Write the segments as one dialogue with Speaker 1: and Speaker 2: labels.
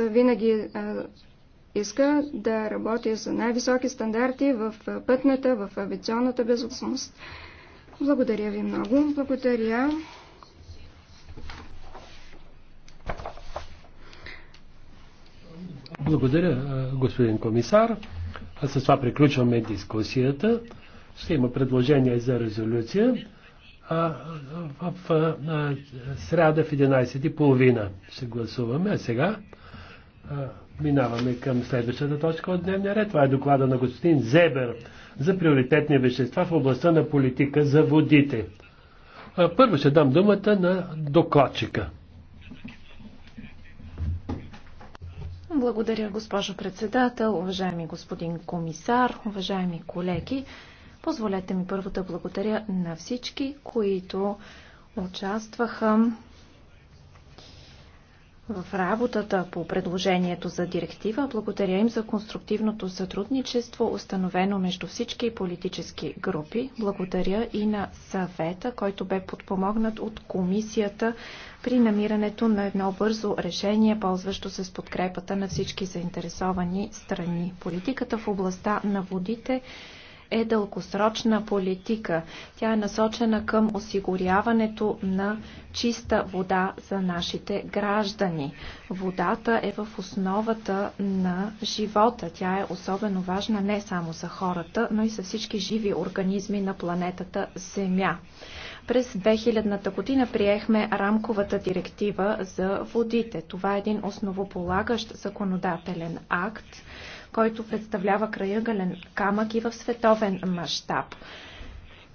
Speaker 1: винаги е, иска да работи за най-високи стандарти в е, пътната, в авиационната безопасност. Благодаря ви много. Благодаря.
Speaker 2: Благодаря, е, господин комисар. А с това приключваме дискусията. Ще има предложение за резолюция а, в а, сряда в 11.30 ще гласуваме. А сега Минаваме към следващата точка от дневния ред. Това е доклада на господин Зебер за приоритетни вещества в областта на политика за водите. Първо ще дам думата на докладчика.
Speaker 3: Благодаря, госпожо председател, уважаеми господин комисар, уважаеми колеги. Позволете ми първо да благодаря на всички, които участваха в работата по предложението за директива. Благодаря им за конструктивното сътрудничество, установено между всички политически групи. Благодаря и на съвета, който бе подпомогнат от комисията при намирането на едно бързо решение, ползващо се с подкрепата на всички заинтересовани страни. Политиката в областта на водите е дългосрочна политика. Тя е насочена към осигуряването на чиста вода за нашите граждани. Водата е в основата на живота. Тя е особено важна не само за хората, но и за всички живи организми на планетата Земя. През 2000-та година приехме рамковата директива за водите. Това е един основополагащ законодателен акт, който представлява краягален камък и в световен мащаб.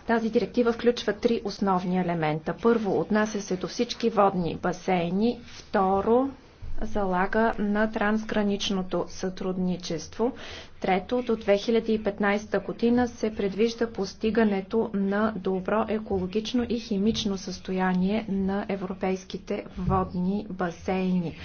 Speaker 3: Тази директива включва три основни елемента. Първо, отнася се до всички водни басейни. Второ, залага на трансграничното сътрудничество. Трето, до 2015 година се предвижда постигането на добро екологично и химично състояние на европейските водни басейни.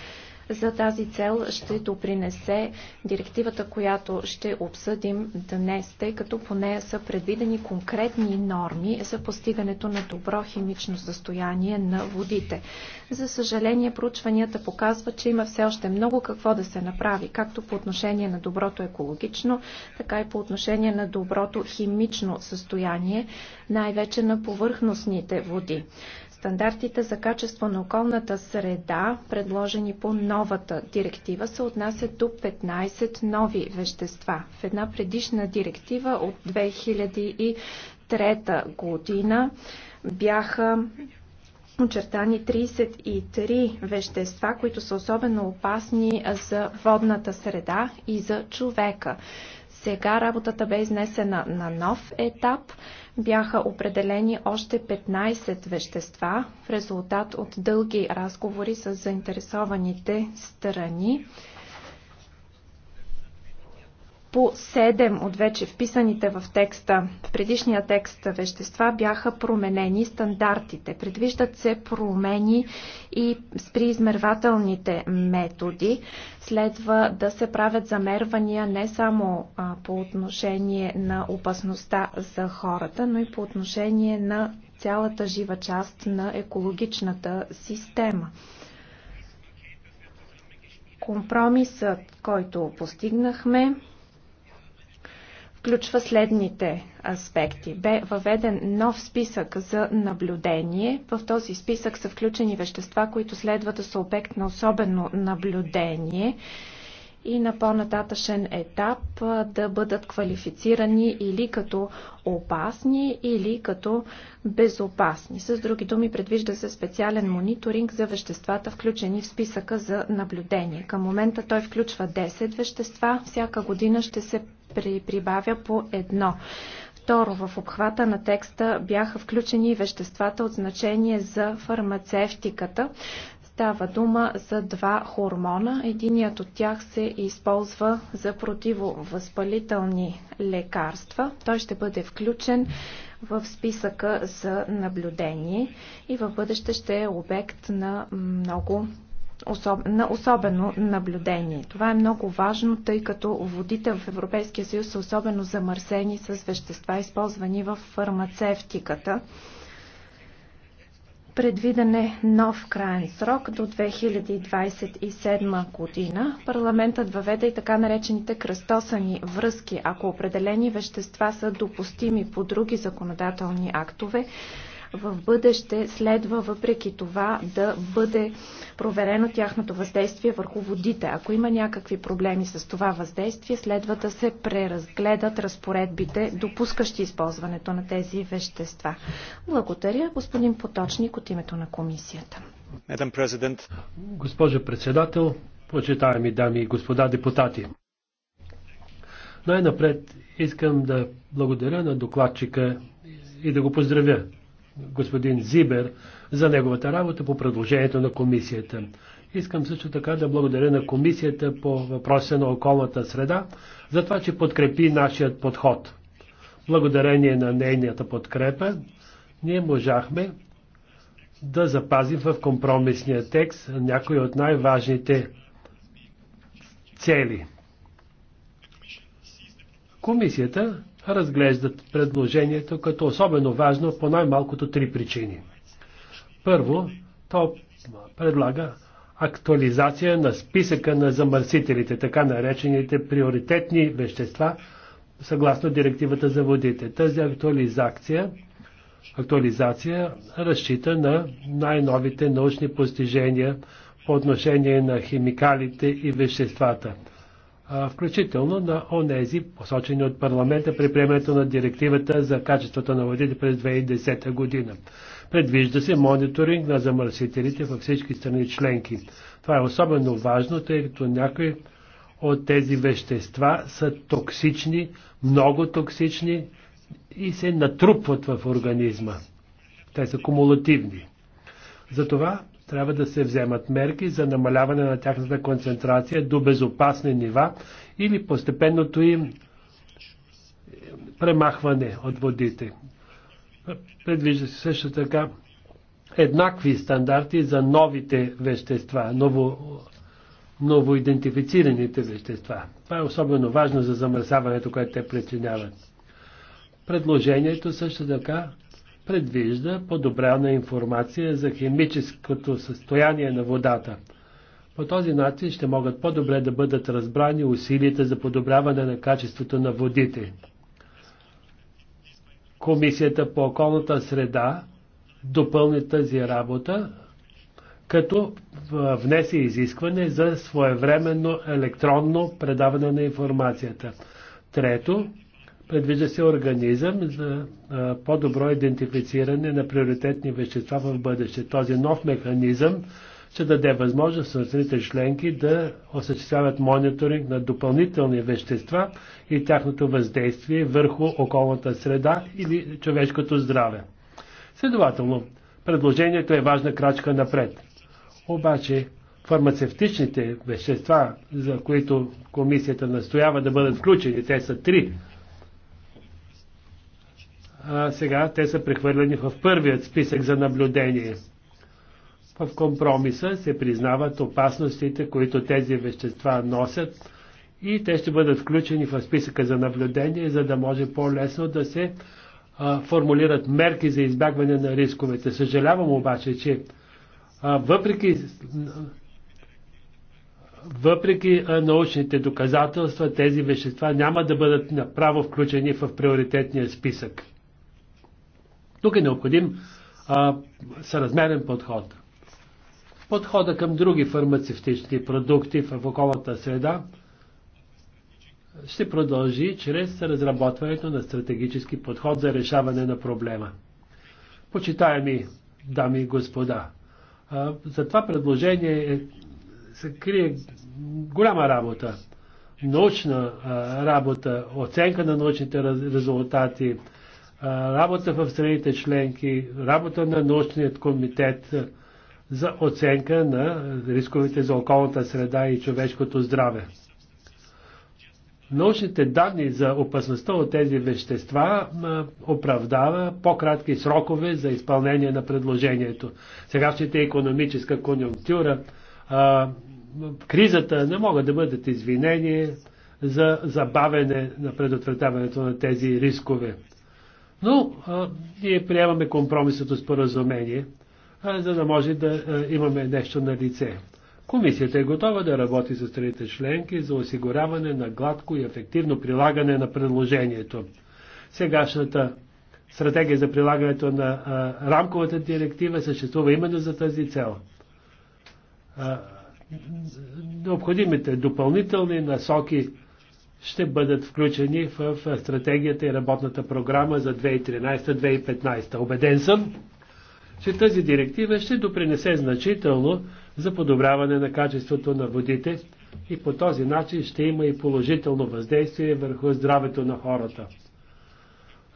Speaker 3: За тази цел ще допринесе директивата, която ще обсъдим днес, тъй като по нея са предвидени конкретни норми за постигането на добро химично състояние на водите. За съжаление, проучванията показват, че има все още много какво да се направи, както по отношение на доброто екологично, така и по отношение на доброто химично състояние, най-вече на повърхностните води. Стандартите за качество на околната среда, предложени по новата директива, се отнасят до 15 нови вещества. В една предишна директива от 2003 година бяха очертани 33 вещества, които са особено опасни за водната среда и за човека. Сега работата бе изнесена на нов етап – бяха определени още 15 вещества в резултат от дълги разговори с заинтересованите страни по 7 от вече вписаните в текста, в предишния текст вещества бяха променени стандартите. Предвиждат се промени и при измервателните методи. Следва да се правят замервания не само по отношение на опасността за хората, но и по отношение на цялата жива част на екологичната система. Компромисът, който постигнахме, включва следните аспекти. Бе въведен нов списък за наблюдение. В този списък са включени вещества, които следва да са обект на особено наблюдение и на по-нататъшен етап да бъдат квалифицирани или като опасни, или като безопасни. С други думи, предвижда се специален мониторинг за веществата, включени в списъка за наблюдение. Към момента той включва 10 вещества. Всяка година ще се при, прибавя по едно. Второ, в обхвата на текста бяха включени веществата от значение за фармацевтиката. Става дума за два хормона. Единият от тях се използва за противовъзпалителни лекарства. Той ще бъде включен в списъка за наблюдение и в бъдеще ще е обект на много особ... на особено наблюдение. Това е много важно, тъй като водите в Европейския съюз са особено замърсени с вещества, използвани в фармацевтиката. Предвиден е нов крайен срок до 2027 година. Парламентът въведе и така наречените кръстосани връзки. Ако определени вещества са допустими по други законодателни актове, в бъдеще следва въпреки това да бъде проверено тяхното въздействие върху водите. Ако има някакви проблеми с това въздействие, следва да се преразгледат разпоредбите, допускащи използването на тези вещества. Благодаря, господин Поточник, от името на комисията.
Speaker 2: Госпожо председател, почитаеми дами и господа депутати. Най-напред искам да благодаря на докладчика и да го поздравя господин Зибер за неговата работа по предложението на комисията. Искам също така да благодаря на комисията по въпроса на околната среда за това, че подкрепи нашият подход. Благодарение на нейната подкрепа ние можахме да запазим в компромисния текст някои от най-важните цели. Комисията разглеждат предложението като особено важно по най-малкото три причини. Първо, то предлага актуализация на списъка на замърсителите, така наречените приоритетни вещества, съгласно директивата за водите. Тази актуализация, актуализация разчита на най-новите научни постижения по отношение на химикалите и веществата – включително на онези, посочени от парламента при приемането на директивата за качеството на водите през 2010 година. Предвижда се мониторинг на замърсителите във всички страни членки. Това е особено важно, тъй като някои от тези вещества са токсични, много токсични и се натрупват в организма. Те са кумулативни. Затова трябва да се вземат мерки за намаляване на тяхната концентрация до безопасни нива или постепенното им премахване от водите. Предвижда се също така еднакви стандарти за новите вещества, ново, новоидентифицираните вещества. Това е особено важно за замърсяването, което те причиняват. Предложението също така предвижда подобрена информация за химическото състояние на водата. По този начин ще могат по-добре да бъдат разбрани усилията за подобряване на качеството на водите. Комисията по околната среда допълни тази работа, като внесе изискване за своевременно електронно предаване на информацията. Трето, Предвижда се организъм за по-добро идентифициране на приоритетни вещества в бъдеще. Този нов механизъм ще даде възможност на страните членки да осъществяват мониторинг на допълнителни вещества и тяхното въздействие върху околната среда или човешкото здраве. Следователно, предложението е важна крачка напред. Обаче, фармацевтичните вещества, за които комисията настоява да бъдат включени, те са три а, сега те са прехвърлени в първият списък за наблюдение. В компромиса се признават опасностите, които тези вещества носят и те ще бъдат включени в списъка за наблюдение, за да може по-лесно да се а, формулират мерки за избягване на рисковете. Съжалявам обаче, че а, въпреки въпреки научните доказателства, тези вещества няма да бъдат направо включени в приоритетния списък. Тук е необходим а, съразмерен подход. Подхода към други фармацевтични продукти в околната среда ще продължи чрез разработването на стратегически подход за решаване на проблема. Почитаеми дами и господа, а, за това предложение е, се крие голяма работа. Научна а, работа, оценка на научните резултати, работа в страните членки, работа на научният комитет за оценка на рисковете за околната среда и човешкото здраве. Научните данни за опасността от тези вещества оправдава по-кратки срокове за изпълнение на предложението. Сегашните економическа конъюнктура, кризата не могат да бъдат извинени за забавене на предотвратяването на тези рискове. Но а, ние приемаме компромисното споразумение, а, за да може да а, имаме нещо на лице. Комисията е готова да работи с страните членки за осигуряване на гладко и ефективно прилагане на предложението. Сегашната стратегия за прилагането на а, рамковата директива съществува именно за тази цел. А, необходимите допълнителни насоки ще бъдат включени в стратегията и работната програма за 2013-2015. Обеден съм, че тази директива ще допринесе значително за подобряване на качеството на водите и по този начин ще има и положително въздействие върху здравето на хората.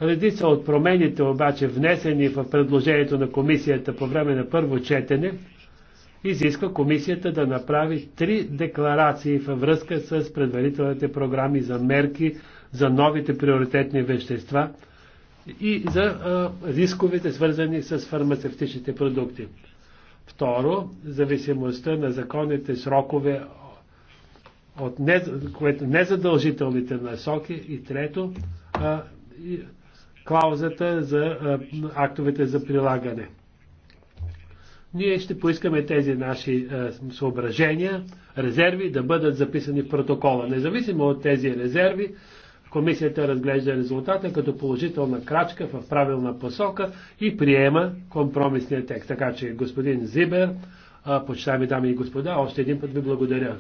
Speaker 2: Редица от промените обаче внесени в предложението на комисията по време на първо четене изисква комисията да направи три декларации във връзка с предварителните програми за мерки за новите приоритетни вещества и за а, рисковете, свързани с фармацевтичните продукти. Второ, зависимостта на законните срокове от не, което, незадължителните насоки. И трето, а, и, клаузата за а, актовете за прилагане. Ние ще поискаме тези наши е, съображения, резерви да бъдат записани в протокола. Независимо от тези резерви, Комисията разглежда резултата като положителна крачка в правилна посока и приема компромисния текст. Така че, господин Зибер, е, почитаеми дами и господа, още един път ви благодаря.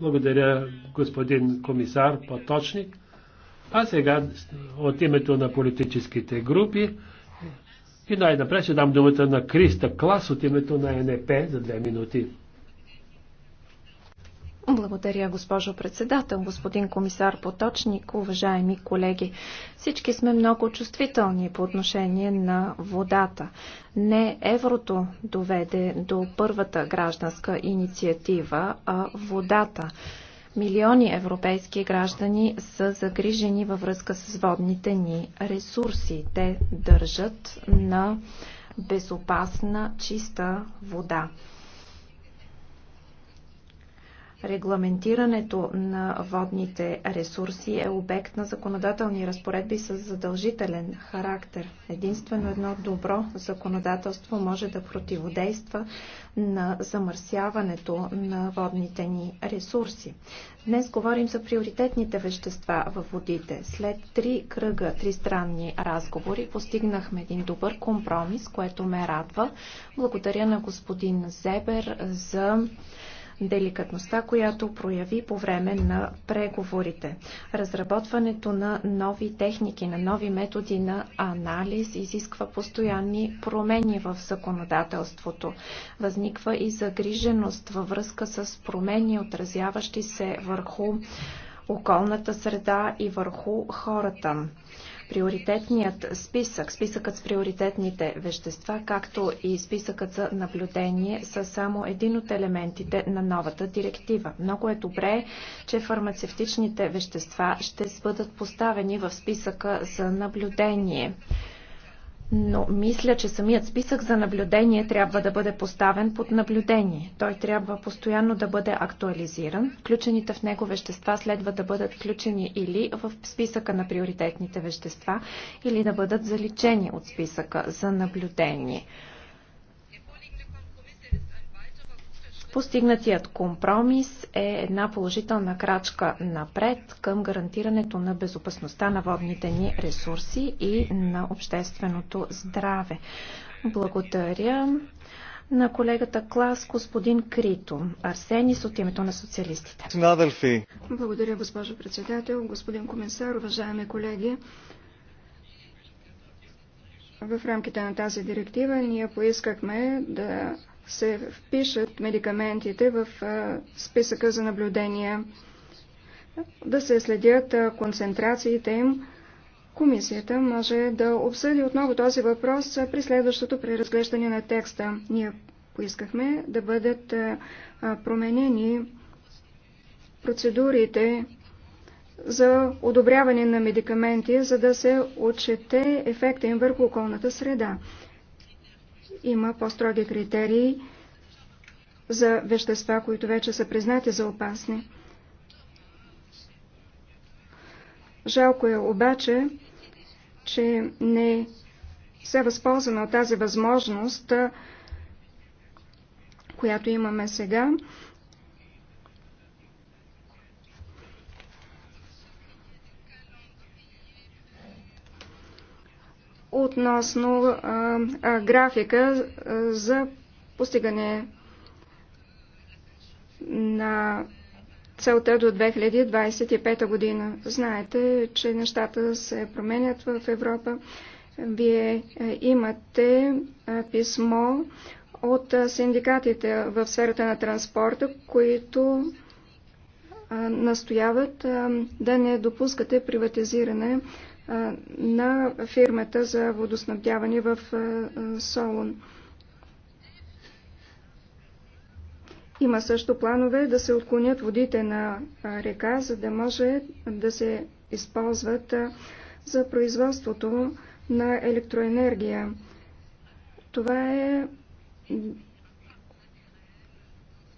Speaker 2: Благодаря, господин комисар Поточник. А сега от името на политическите групи и най-напред ще дам думата на Криста Клас от името на НП за две минути.
Speaker 3: Благодаря, госпожо председател, господин комисар Поточник, уважаеми колеги. Всички сме много чувствителни по отношение на водата. Не еврото доведе до първата гражданска инициатива, а водата. Милиони европейски граждани са загрижени във връзка с водните ни ресурси. Те държат на безопасна, чиста вода. Регламентирането на водните ресурси е обект на законодателни разпоредби с задължителен характер. Единствено едно добро законодателство може да противодейства на замърсяването на водните ни ресурси. Днес говорим за приоритетните вещества във водите. След три кръга, три странни разговори постигнахме един добър компромис, което ме радва. Благодаря на господин Зебер за деликатността, която прояви по време на преговорите. Разработването на нови техники, на нови методи на анализ изисква постоянни промени в законодателството. Възниква и загриженост във връзка с промени, отразяващи се върху околната среда и върху хората. Приоритетният списък, списъкът с приоритетните вещества, както и списъкът за наблюдение са само един от елементите на новата директива. Много е добре, че фармацевтичните вещества ще бъдат поставени в списъка за наблюдение но мисля, че самият списък за наблюдение трябва да бъде поставен под наблюдение. Той трябва постоянно да бъде актуализиран. Включените в него вещества следва да бъдат включени или в списъка на приоритетните вещества, или да бъдат заличени от списъка за наблюдение. Постигнатият компромис е една положителна крачка напред към гарантирането на безопасността на водните ни ресурси и на общественото здраве. Благодаря на колегата Клас, господин Крито. Арсенис от името на социалистите.
Speaker 1: Благодаря, госпожо председател, господин комисар, уважаеми колеги. В рамките на тази директива ние поискахме да се впишат медикаментите в списъка за наблюдение, да се следят концентрациите им. Комисията може да обсъди отново този въпрос при следващото преразглеждане на текста. Ние поискахме да бъдат променени процедурите за одобряване на медикаменти, за да се отчете ефекта им върху околната среда има по-строги критерии за вещества, които вече са признати за опасни. Жалко е обаче, че не се възползваме от тази възможност, която имаме сега, относно а, а, графика а, за постигане на целта до 2025 година. Знаете, че нещата се променят в Европа. Вие имате писмо от синдикатите в сферата на транспорта, които настояват да не допускате приватизиране на фирмата за водоснабдяване в Солун. Има също планове да се отклонят водите на река, за да може да се използват за производството на електроенергия. Това е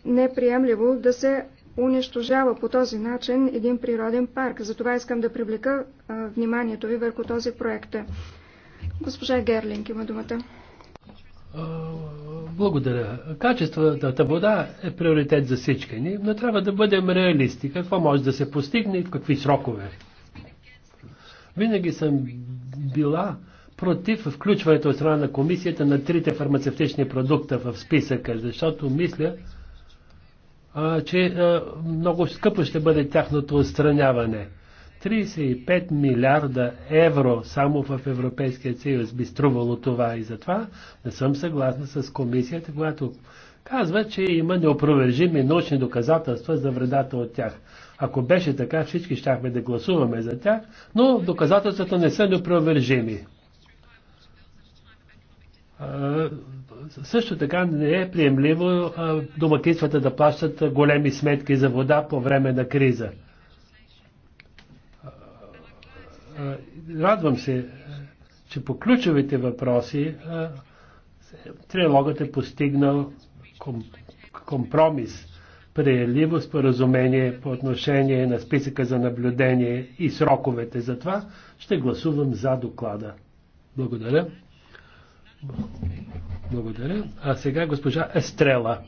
Speaker 1: неприемливо да се унищожава по този начин един природен парк. Затова искам да привлека вниманието ви върху този проект. Госпожа Герлинг има думата.
Speaker 2: Благодаря. Качествата вода е приоритет за всички ни, но трябва да бъдем реалисти. Какво може да се постигне и в какви срокове? Винаги съм била против включването от страна на комисията на трите фармацевтични продукта в списъка, защото мисля, че много скъпо ще бъде тяхното отстраняване. 35 милиарда евро само в Европейския съюз би струвало това и затова не съм съгласна с комисията, която казва, че има неопровержими научни доказателства за вредата от тях. Ако беше така, всички щяхме да гласуваме за тях, но доказателствата не са неопровержими също така не е приемливо домакинствата да плащат големи сметки за вода по време на криза. Радвам се, че по ключовите въпроси трилогът е постигнал компромис, приемливо споразумение по отношение на списъка за наблюдение и сроковете за това, ще гласувам за доклада. Благодаря. Благодаря. А сега госпожа Естрела.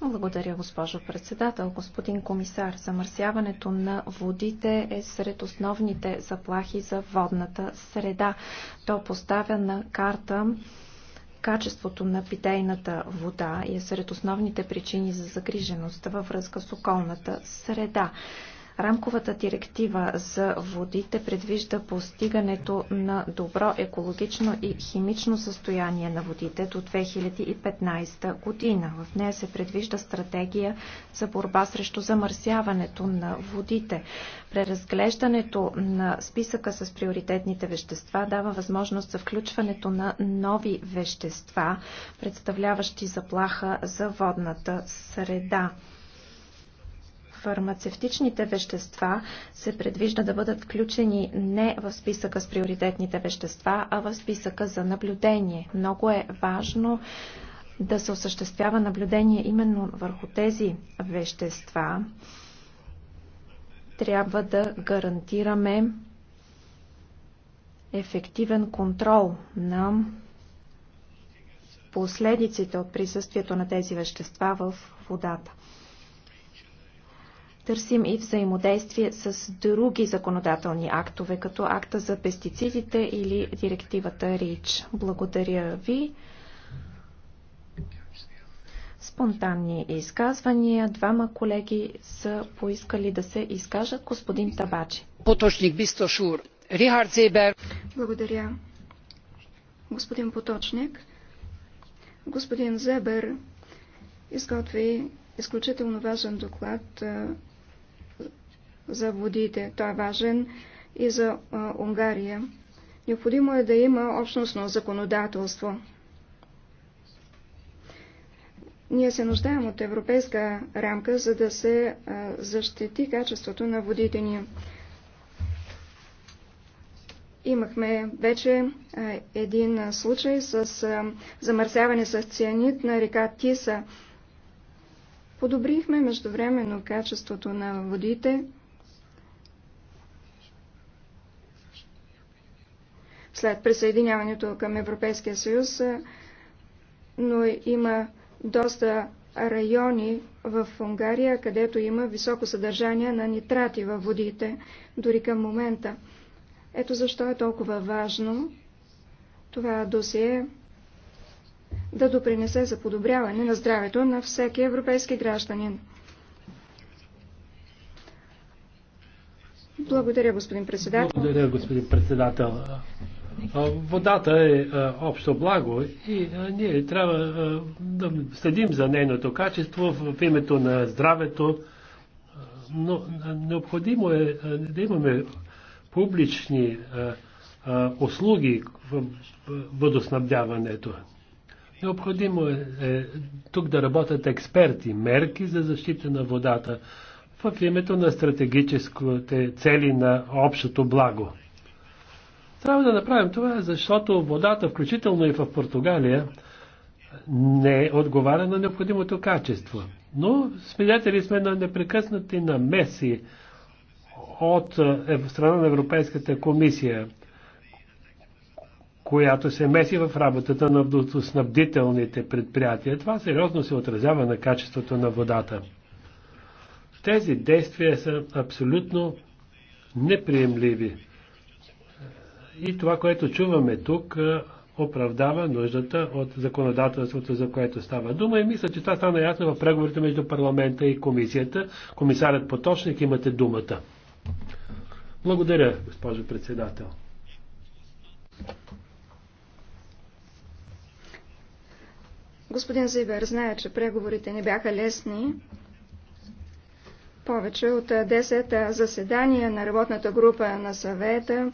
Speaker 3: Благодаря, госпожо председател. Господин комисар, замърсяването на водите е сред основните заплахи за водната среда. То поставя на карта качеството на питейната вода и е сред основните причини за загриженост във връзка с околната среда. Рамковата директива за водите предвижда постигането на добро екологично и химично състояние на водите до 2015 година. В нея се предвижда стратегия за борба срещу замърсяването на водите. Преразглеждането на списъка с приоритетните вещества дава възможност за включването на нови вещества, представляващи заплаха за водната среда фармацевтичните вещества се предвижда да бъдат включени не в списъка с приоритетните вещества, а в списъка за наблюдение. Много е важно да се осъществява наблюдение именно върху тези вещества. Трябва да гарантираме ефективен контрол на последиците от присъствието на тези вещества в водата. Търсим и взаимодействие с други законодателни актове, като акта за пестицидите или директивата РИЧ. Благодаря ви. Спонтанни изказвания. Двама колеги са поискали да се
Speaker 1: изкажат. Господин Табачи. Поточник Бистошур. Рихард Зейбер. Благодаря. Господин Поточник, господин Зебер изготви изключително важен доклад за водите. Той е важен и за а, Унгария. Необходимо е да има общностно законодателство. Ние се нуждаем от европейска рамка, за да се а, защити качеството на водите ни. Имахме вече а, един случай с а, замърсяване с цианит на река Тиса. Подобрихме междувременно качеството на водите, след присъединяването към Европейския съюз, но има доста райони в Унгария, където има високо съдържание на нитрати във водите, дори към момента. Ето защо е толкова важно това досие да допринесе за подобряване на здравето на всеки европейски гражданин. Благодаря, господин председател. Благодаря,
Speaker 2: господин председател. Водата е общо благо и ние трябва да следим за нейното качество в името на здравето, но необходимо е да имаме публични услуги в водоснабдяването. Необходимо е, е, тук да работят експерти, мерки за защита на водата в името на стратегическите цели на общото благо. Трябва да направим това, защото водата, включително и в Португалия, не отговаря на необходимото качество. Но свидетели сме на непрекъснати намеси от е, страна на Европейската комисия, която се меси в работата на водоснабдителните предприятия. Това сериозно се отразява на качеството на водата. Тези действия са абсолютно неприемливи. И това, което чуваме тук, оправдава нуждата от законодателството, за което става дума. И мисля, че това стана ясно в преговорите между парламента и комисията. Комисарят Поточник, имате думата. Благодаря, госпожо председател.
Speaker 1: Господин Зибер знае, че преговорите не бяха лесни. Повече от 10 заседания на работната група на съвета,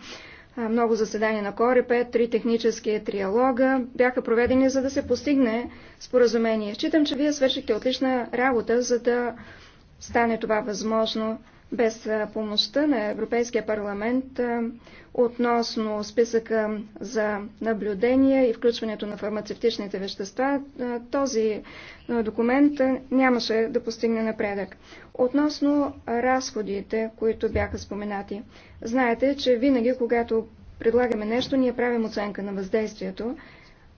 Speaker 1: много заседания на Корепе, три технически триалога бяха проведени, за да се постигне споразумение. Считам, че вие свършихте отлична работа, за да стане това възможно без помощта на Европейския парламент относно списъка за наблюдения и включването на фармацевтичните вещества, този документ нямаше да постигне напредък. Относно разходите, които бяха споменати, знаете, че винаги, когато предлагаме нещо, ние правим оценка на въздействието.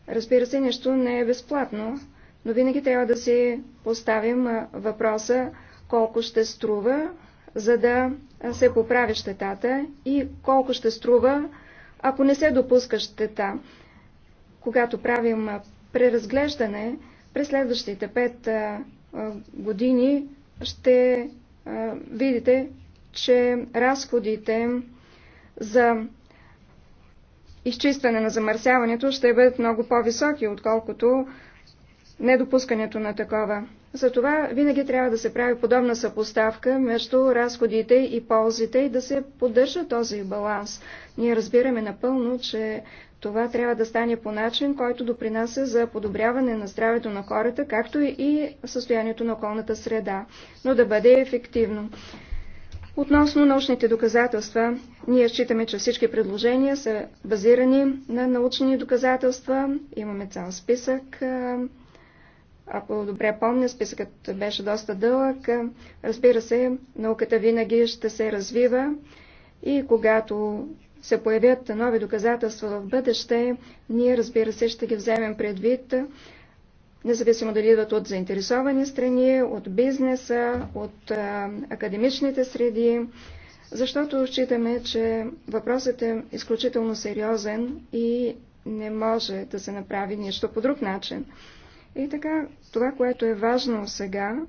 Speaker 1: Разбира се, нещо не е безплатно, но винаги трябва да си поставим въпроса колко ще струва за да се поправи щетата и колко ще струва, ако не се допуска щета. Когато правим преразглеждане, през следващите пет години ще видите, че разходите за изчистване на замърсяването ще бъдат много по-високи, отколкото недопускането на такова. Затова винаги трябва да се прави подобна съпоставка между разходите и ползите и да се поддържа този баланс. Ние разбираме напълно, че това трябва да стане по начин, който допринася за подобряване на здравето на хората, както и състоянието на околната среда, но да бъде ефективно. Относно научните доказателства, ние считаме, че всички предложения са базирани на научни доказателства. Имаме цял списък ако добре помня, списъкът беше доста дълъг. Разбира се, науката винаги ще се развива и когато се появят нови доказателства в бъдеще, ние, разбира се, ще ги вземем предвид, независимо дали идват от заинтересовани страни, от бизнеса, от а, академичните среди, защото считаме, че въпросът е изключително сериозен и не може да се направи нищо по друг начин. И така, това, което е важно сега,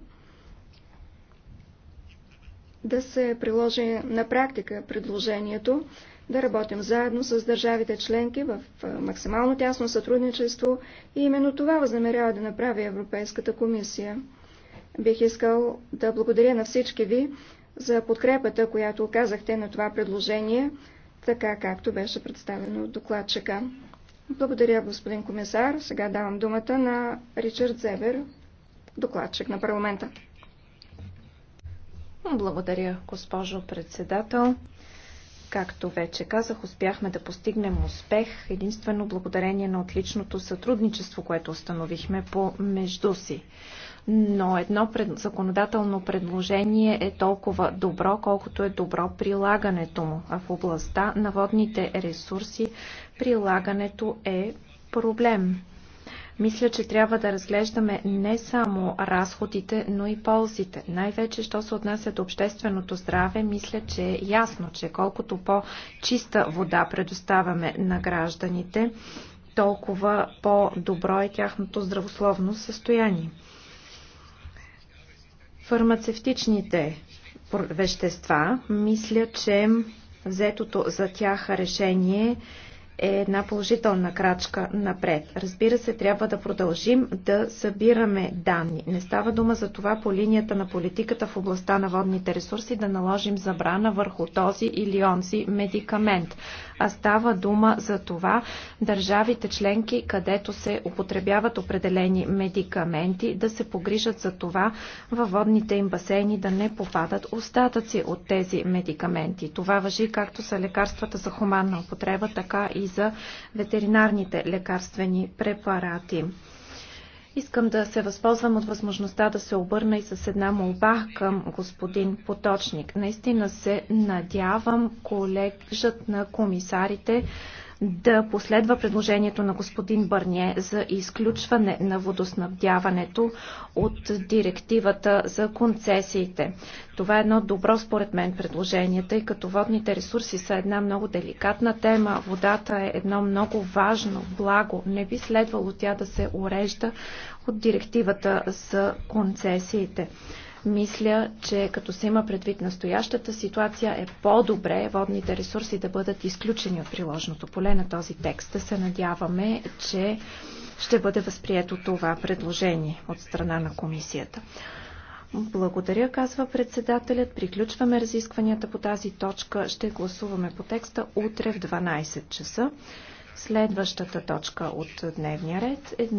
Speaker 1: да се приложи на практика предложението, да работим заедно с държавите членки в максимално тясно сътрудничество и именно това възнамерява да направи Европейската комисия. Бих искал да благодаря на всички ви за подкрепата, която оказахте на това предложение, така както беше представено от докладчика. Благодаря, господин комисар. Сега давам думата на Ричард Зебер, докладчик на парламента.
Speaker 3: Благодаря, госпожо председател. Както вече казах, успяхме да постигнем успех единствено благодарение на отличното сътрудничество, което установихме по между си. Но едно пред... законодателно предложение е толкова добро, колкото е добро прилагането му. А в областта на водните ресурси прилагането е проблем. Мисля, че трябва да разглеждаме не само разходите, но и ползите. Най-вече, що се отнася до общественото здраве, мисля, че е ясно, че колкото по-чиста вода предоставяме на гражданите, толкова по-добро е тяхното здравословно състояние. Фармацевтичните вещества, мисля, че взетото за тях решение е една положителна крачка напред. Разбира се, трябва да продължим да събираме данни. Не става дума за това по линията на политиката в областта на водните ресурси да наложим забрана върху този или онзи медикамент, а става дума за това държавите членки, където се употребяват определени медикаменти, да се погрижат за това във водните им басейни да не попадат остатъци от тези медикаменти. Това въжи както за лекарствата за хуманна употреба, така и за ветеринарните лекарствени препарати. Искам да се възползвам от възможността да се обърна и с една молба към господин Поточник. Наистина се надявам колежът на комисарите да последва предложението на господин Бърние за изключване на водоснабдяването от директивата за концесиите. Това е едно добро според мен предложение, тъй като водните ресурси са една много деликатна тема. Водата е едно много важно благо. Не би следвало тя да се урежда от директивата за концесиите. Мисля, че като се има предвид настоящата ситуация, е по-добре водните ресурси да бъдат изключени от приложното поле на този текст. Да се надяваме, че ще бъде възприето това предложение от страна на комисията. Благодаря, казва председателят. Приключваме разискванията по тази точка. Ще гласуваме по текста утре в 12 часа. Следващата точка от дневния ред е